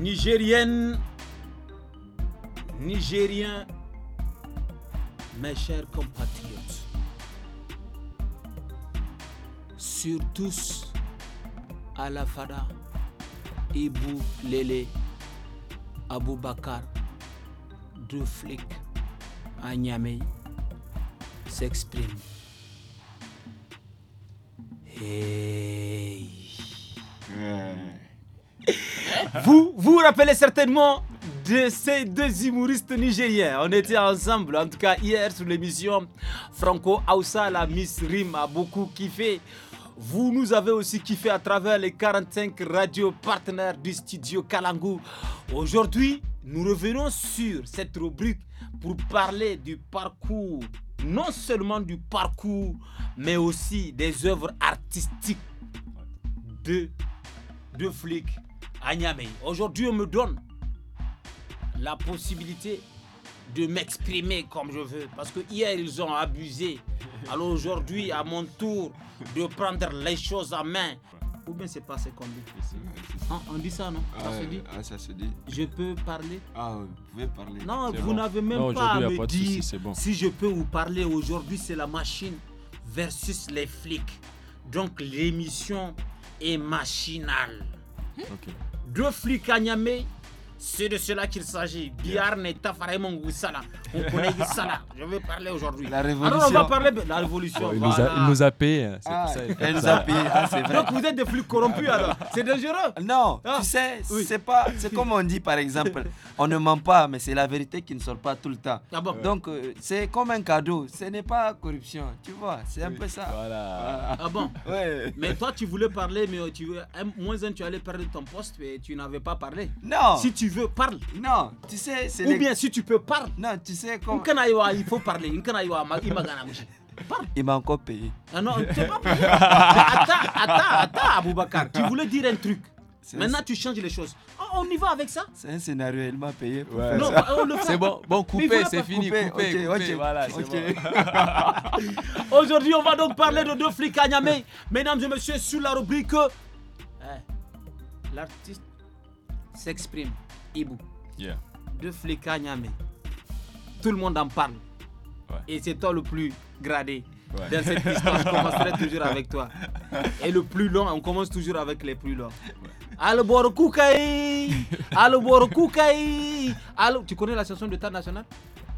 Nigériennes, Nigérien, mes chers compatriotes, sur tous, Alafada, Ibou Lele, Abou Bakar, flics à s'exprime. Et... vous vous rappelez certainement de ces deux humoristes nigériens. On était ensemble, en tout cas hier, sur l'émission Franco Aoussa. La Miss Rim a beaucoup kiffé. Vous nous avez aussi kiffé à travers les 45 radios partenaires du studio Kalangu. Aujourd'hui, nous revenons sur cette rubrique pour parler du parcours, non seulement du parcours, mais aussi des œuvres artistiques de deux flics à Aujourd'hui, on me donne la possibilité de m'exprimer comme je veux. Parce que hier, ils ont abusé. Alors aujourd'hui, à mon tour de prendre les choses en main. Ou bien c'est passé comme dit. Ah, on dit ça, non ah ah, ça, se dit Je peux parler Ah, vous pouvez parler. Non, vous n'avez même pas à me dire si je peux vous parler. Aujourd'hui, c'est la machine versus les flics. Donc l'émission est machinale deux flics à c'est de cela qu'il s'agit. et Goussala On connaît Goussala Je vais parler aujourd'hui. La révolution. Alors on va parler de la révolution. il, nous a, nous a, payé. C'est ça. Il nous a payé. Donc vous êtes des flux corrompus alors. C'est dangereux. Non, ah. tu sais, c'est pas. C'est comme on dit par exemple. On ne ment pas, mais c'est la vérité qui ne sort pas tout le temps. Ah Donc euh, c'est comme un cadeau. Ce n'est pas corruption. Tu vois, c'est un peu ça. Voilà. Ah bon ouais. Mais toi, tu voulais parler, mais tu, moins un, tu allais perdre ton poste, mais tu n'avais pas parlé. Non. Si tu veux, parle. Non, tu sais, c'est. Ou bien si tu peux, parler? Non, tu sais comment. Il faut parler. Il Parle. Il m'a encore payé. Ah non, tu pas attends, attends, attends, Aboubacar. Tu voulais dire un truc. Maintenant, tu changes les choses. on y va avec ça C'est un scénario, il m'a payé. C'est bon, bon, coupez, c'est fini. Coupez, coupez, Voilà, Aujourd'hui, on va donc parler de deux flics à Niamey. Mesdames et messieurs, sur la rubrique. Eh, l'artiste s'exprime. Ibu, yeah. de Fleka Nyame. Tout le monde en parle. Ouais. Et c'est toi le plus gradé. Dans cette histoire, je commencerai toujours avec toi. Et le plus long, on commence toujours avec les plus longs. Albor Koukaï Albor Koukaï Tu connais la chanson de ta nationale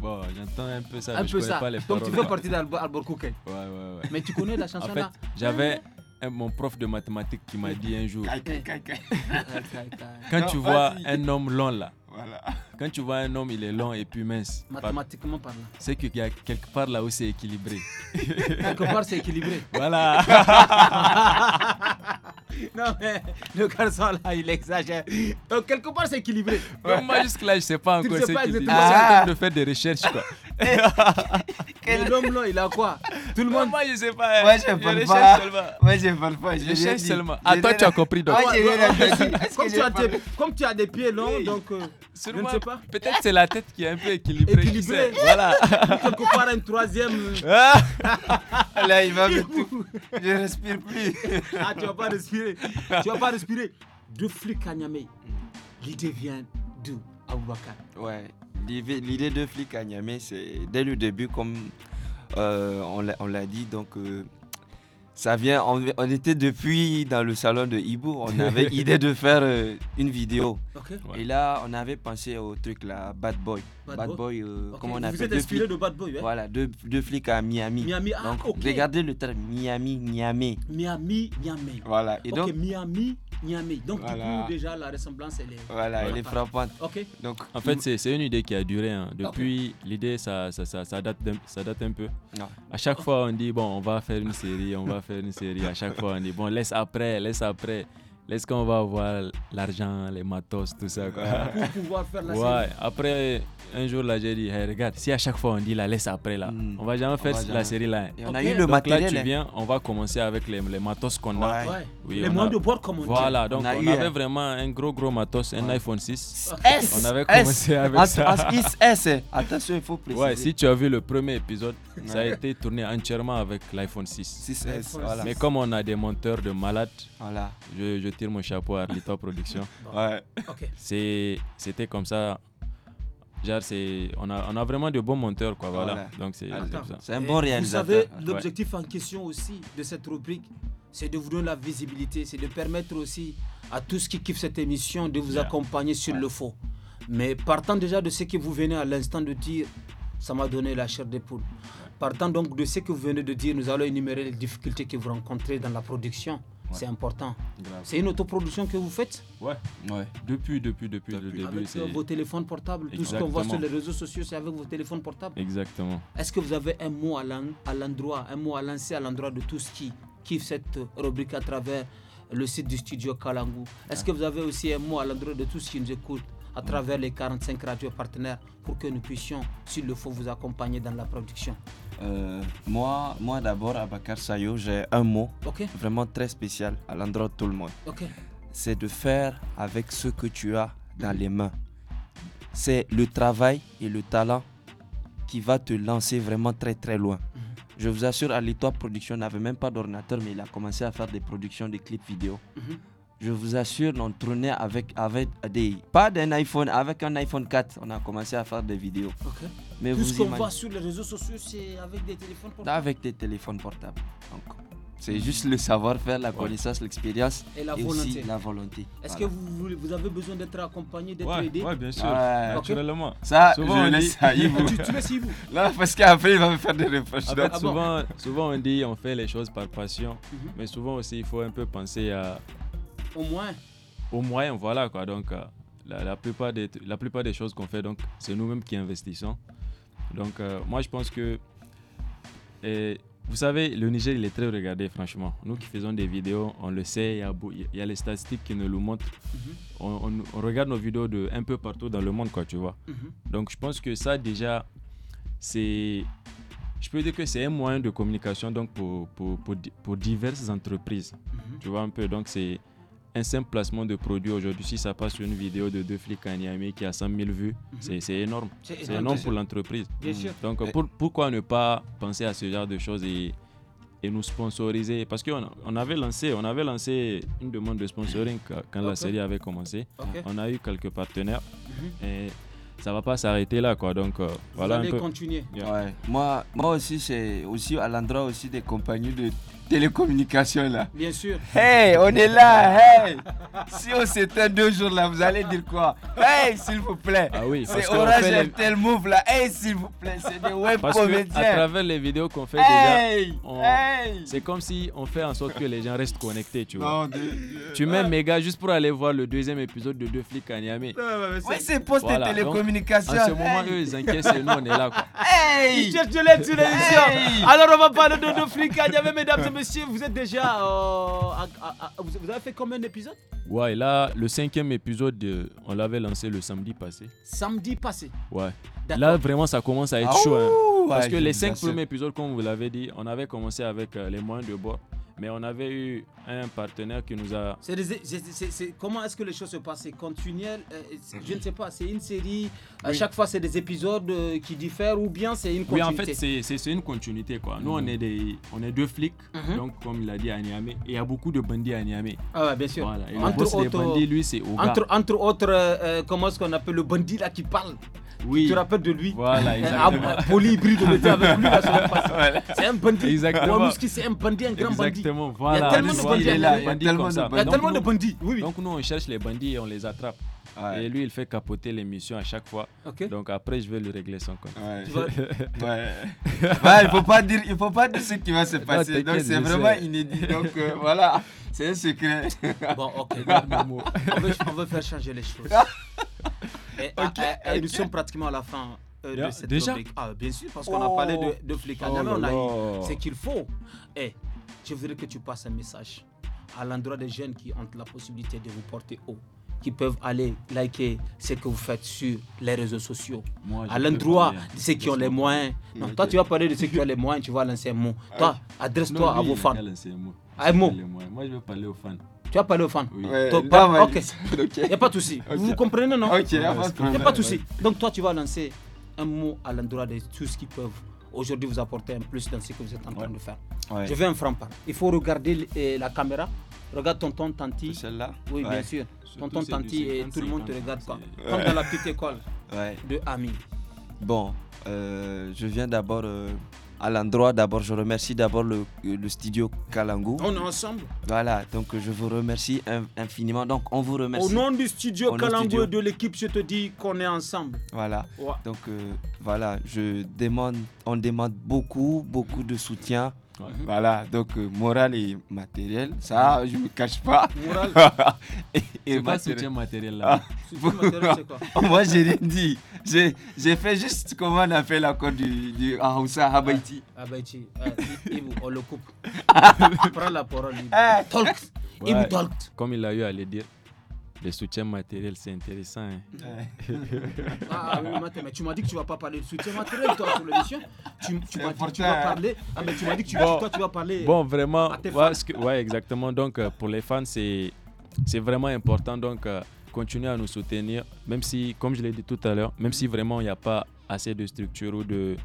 Bon, j'entends un peu ça, un peu je connais ça. pas les paroles. Donc tu fais partie d'Albor Koukaï Ouais, ouais, ouais. Mais tu connais la chanson en fait, là J'avais mon prof de mathématiques qui m'a dit un jour quand tu vois un homme long là quand tu vois un homme il est long et puis mince mathématiquement parlant c'est qu'il y a quelque part là où c'est équilibré quelque part c'est équilibré voilà non mais le garçon là il exagère donc quelque part c'est équilibré Même moi jusque là je sais pas encore c'est équilibré ah. en de faire des recherches quoi l'homme long il a quoi tout le euh, monde. Moi, je sais pas. Hein. Moi, je sais pas. Moi, je parle pas. Je cherche seulement. Ah, toi, tu as compris. Donc. Comme tu as des pieds longs, donc. Euh, je ne sais pas. Peut-être c'est la tête qui est un peu équilibrée. Équilibrée. Voilà. Quelque part, un troisième. Euh. Ah. Ah, là, il va me tout. Je respire plus. Ah, tu vas pas respirer. Tu vas pas respirer. Deux flics à Niamey. L'idée vient d'où, Aboubacar Ouais. L'idée de flics à c'est dès le début, comme euh, on l'a dit, donc euh, ça vient, on, était depuis dans le salon de Hibou, on avait idée de faire euh, une vidéo. Et là, on avait pensé au truc là, Bad Boy. Bad, Boy, comment on Vous appelle Vous de Bad Boy, Voilà, deux, deux, flics à Miami. Miami, ah, donc, Regardez le terme Miami, Miami. Miami, Miami. Voilà, et donc. Miami, donc, voilà. du coup, déjà, la ressemblance, elle est, voilà, elle est frappante. Donc, en fait, c'est une idée qui a duré. Hein. Depuis, l'idée, ça, ça, ça, ça, date ça date un peu. À chaque fois, on dit, bon, on va faire une série, on va faire une série. À chaque fois, on dit, bon, laisse après, laisse après laisse qu'on va avoir l'argent, les matos, tout ça. Quoi. ouais. Après, un jour, là, j'ai dit, regarde, si à chaque fois on dit la laisse après, là, hmm. on va jamais faire la série là. on a eu le donc, matériel. Là, tu hein. viens, on va commencer avec les, les matos qu'on a. Ouais. Oui, les moyens de bord, comme on voilà, dit. Voilà, donc on, avait hein. vraiment un gros, gros matos, un iPhone 6. S. On avait commencé avec ça. S. Hein. Attention, il faut préciser. Ouais, si tu as vu le premier épisode, ça a été tourné entièrement avec l'iPhone 6. 6S, voilà. Mais comme on a des monteurs de malades, voilà. je, je mon chapeau à Arlito production ouais. C'est, c'était comme ça. Genre, c'est, on, a, on a vraiment de bons monteurs, quoi. Voilà. Donc, c'est, un bon réalisateur. Vous savez, l'objectif en question aussi de cette rubrique, c'est de vous donner la visibilité, c'est de permettre aussi à tous qui kiffent cette émission de vous accompagner sur le faux. Mais partant déjà de ce que vous venez à l'instant de dire, ça m'a donné la chair des poules. Partant donc de ce que vous venez de dire, nous allons énumérer les difficultés que vous rencontrez dans la production. C'est important. C'est une autoproduction que vous faites Ouais, Depuis, depuis, depuis, le début. Avec euh, vos téléphones portables, tout ce qu'on voit sur les réseaux sociaux, c'est avec vos téléphones portables. Exactement. Est-ce que vous avez un mot à l'endroit, un mot à lancer à l'endroit de tous qui kiffent cette rubrique à travers le site du studio Kalangu Est-ce que vous avez aussi un mot à l'endroit de tous qui nous écoutent à travers les 45 radios partenaires pour que nous puissions, s'il le faut, vous accompagner dans la production euh, moi, moi d'abord, Abakar Sayo, j'ai un mot vraiment très spécial à l'endroit de tout le monde. C'est de faire avec ce que tu as dans mhm. les mains. C'est le travail et le talent qui va te lancer vraiment très très loin. Mhm. Je vous assure, Alitoa Production n'avait même pas d'ordinateur, mais il a commencé à faire des productions de clips vidéo. Mhm. Je vous assure, on tournait avec, avec des... Pas d'un iPhone, avec un iPhone 4, on a commencé à faire des vidéos. Tout ce qu'on voit sur les réseaux sociaux, c'est avec des téléphones portables. Avec des téléphones portables. Donc, c'est juste le savoir-faire, la connaissance, l'expérience et, la, volonté. Aussi la volonté. Est-ce que vous, avez besoin d'être accompagné, d'être aidé Oui, bien sûr, naturellement. Ça, souvent, je laisse tu, laisses Yves Là, parce qu'après, il va me faire des reproches. Ah souvent, souvent, on dit on fait les choses par passion, mhm. mais souvent aussi, il faut un peu penser à. Au moins. Au moins, voilà quoi. Donc, euh, la, la plupart, des, la plupart des choses qu'on fait, c'est nous-mêmes qui investissons. Donc, euh, moi, je pense que. Euh, vous savez, le Niger, il est très regardé, franchement. Nous qui faisons des vidéos, on le sait, il y, a les statistiques qui nous le montrent. Mhm. on, regarde nos vidéos de un peu partout dans le monde, quoi, tu vois. Mhm. Donc, je pense que ça, déjà, c'est. Je peux dire que c'est un moyen de communication donc pour, pour, pour, diverses entreprises. Mhm. Tu vois un peu, donc c'est un simple placement de produit aujourd'hui, si ça passe sur une vidéo de deux flics à Niamey qui a 100 000 vues, mhm. c'est énorme. C'est énorme, pour l'entreprise. Mhm. Donc pourquoi ne pas penser à ce genre de choses et, nous sponsoriser Parce que on avait, lancé, on avait lancé une demande de sponsoring quand la série avait commencé. On a eu quelques partenaires. Mhm. Et, ça va pas s'arrêter là quoi donc euh, voilà on un peu. continuer moi moi aussi c'est aussi à l'endroit aussi des compagnies de télécommunications là. Bien sûr. Hey, on est là, hey. si on s'éteint deux jours là, vous allez dire quoi Hey, s'il vous plaît. Ah oui, c'est Orange les... tel move là. Hey, s'il vous plaît, c'est des web parce à travers les vidéos qu'on fait déjà, hey. c'est comme si on fait en sorte que les gens restent connectés, tu vois. Non, Tu mets ah. méga juste pour aller voir le deuxième épisode de Deux flics à Niamey. Oui, c'est poste télécommunications. ce moment, là ils inquiètent nous, on est là. Quoi. Hey Ils cherchent de l'aide Alors, on va parler de Deux flics à Niamey, mesdames et messieurs, vous êtes déjà. Euh, vous avez fait combien d'épisodes Ouais, là, le cinquième épisode, euh, on l'avait lancé le samedi passé. Samedi passé Ouais. Là, vraiment, ça commence à être ah chaud. Hein. parce que les cinq premiers épisodes, comme vous l'avez dit, on avait commencé avec euh, les moyens de Bois. Mais on avait eu un partenaire qui nous a. comment est-ce que les choses se passent C'est continuel euh, Je ne sais pas, c'est une série. À chaque fois, c'est des épisodes euh, qui diffèrent ou bien c'est une continuité Oui, en fait, c'est une continuité. quoi. Nous, on, est des, on est deux flics, mhm. donc comme il a dit à Niamey. il y a beaucoup de bandits à Niamey. Ah, bien sûr. entre autres, lui, Entre, autres, comment est-ce qu'on appelle le bandit là qui parle oui. Tu te rappelles de lui Voilà, exactement. Ah, polyhybride, on était avec lui la semaine C'est un bandit. Exactement. c'est un bandit, un grand bandit. Exactement, voilà. Il y a tellement de bandits. Il y a tellement de bandits. Il y a tellement de bandits. Oui, oui. Donc, nous, on cherche les bandits et on les attrape. Et lui, il fait capoter l'émission à chaque fois. Donc après, je vais lui régler son compte. Ouais. ouais. bah, il ne faut, pas dire, il faut pas dire ce qui va se passer. donc c'est vraiment inédit. Donc euh, voilà, c'est un secret. Bon, ok. on, on veut faire changer les choses. Et, nous sommes pratiquement à la fin. Euh, de cette Déjà ah, Bien sûr, parce qu'on a oh. parlé de, de oh on a ce qu'il faut. Et eh, je voudrais que tu passes un message à l'endroit des jeunes qui ont la possibilité de vous porter haut qui peuvent aller liker ce que vous faites sur les réseaux sociaux. à l'endroit hein. de ceux qui ont les moyens. Non, toi, tu vas parler de ceux qui ont les moyens, tu vas lancer un mot. Ah toi, adresse-toi à vos fans. Moi, je vais parler aux fans. Tu le fan ok. Il n'y a pas de souci. Vous, comprenez, non il n'y a pas de Donc, toi, tu vas lancer un mot à l'endroit de tout ce qui peuvent aujourd'hui vous apporter un plus dans ce que vous êtes en train de faire. Je veux un franc pas. Il faut regarder euh, la caméra. Regarde ton Tanti. Celle-là Oui, bien sûr. Ton tonton Tanti et tout le monde te regarde Comme dans la petite école de Ami. Bon, euh, je viens d'abord euh, à l'endroit. D'abord, je remercie d'abord le, studio Kalangu. On est ensemble. Voilà, donc je vous remercie infiniment. Donc, on vous remercie. Au nom du studio et de l'équipe, je te dis qu'on est ensemble. Voilà. Donc, euh, voilà, je demande, on demande beaucoup, beaucoup de soutien voilà, donc morale euh, moral et matériel, ça, je ne me cache pas. Moral et, matériel. soutien matériel là. Ah. c'est quoi Moi, j'ai dit. J'ai fait juste comment on a fait l'accord du, du en Hausa, ah, ah, on le coupe. Prends la parole. Eh. Comme il a eu à le dire, le soutien matériel, c'est intéressant. Hein. Ah, ah oui, mais, tu m'as dit que tu ne vas pas parler de soutien matériel, toi, sur l'émission. Tu, m'as dit que tu vas hein. parler. Ah, mais tu m'as dit que tu, toi, tu vas parler. Bon, vraiment. Ouais, exactement. Donc, euh, pour les fans, c'est vraiment important. Donc, euh, continuez à nous soutenir, même si, comme je l'ai dit tout à l'heure, même si vraiment il n'y a pas assez de structures ou de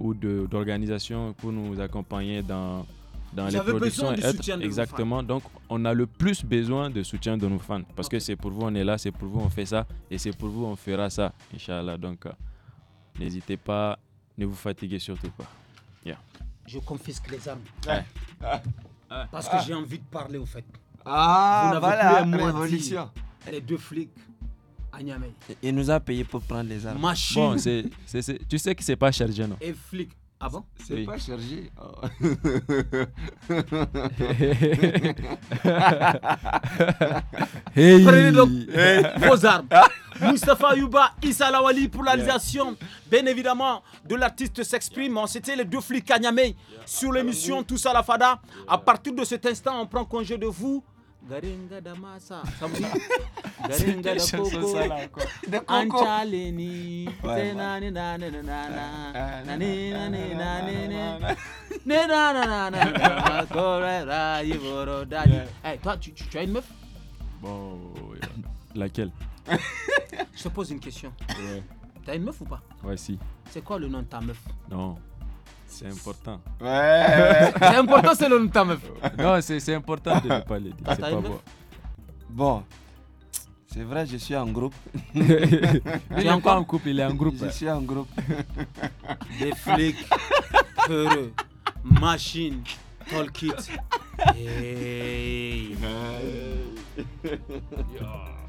ou d'organisations pour nous accompagner dans dans les productions exactement. Donc, on a le plus besoin de soutien de nos fans parce que c'est pour vous on est là, c'est pour vous on fait ça et c'est pour vous on fera ça, Inch'Allah. Donc, euh, n'hésitez pas, ne vous fatiguez surtout pas. Je confisque les armes. Parce que j'ai envie de parler au fait. Ah, voilà, révolution. Les deux flics. Il nous a payé pour prendre les armes. Bon, tu sais que c'est pas chargé, non Et flic, ah bon C'est pas chargé. Oh. Prenez vos armes. Mustapha Yuba, Issa Lawali pour la bien évidemment, de l'artiste s'exprime. On C'était les deux flics Kanyame sur l'émission Tous à Fada. À partir de cet instant, on prend congé de vous. Garinga da masa saboda garinga da koko De ni na na na na na na na hey eh, toi tu, tu as une meuf bon laquelle je te pose une question ouais. t'as une meuf ou pas ouais si c'est quoi le nom de ta meuf non c'est important. Ouais. c'est important selon ta meuf. Non, c'est important de ne pas le dire. c'est pas bon. Bon. C'est vrai, je suis en groupe. il est encore en couple, il est en groupe. Je suis en groupe. Des flics, peureux, machines, toolkit. Hey. Hey. Yeah.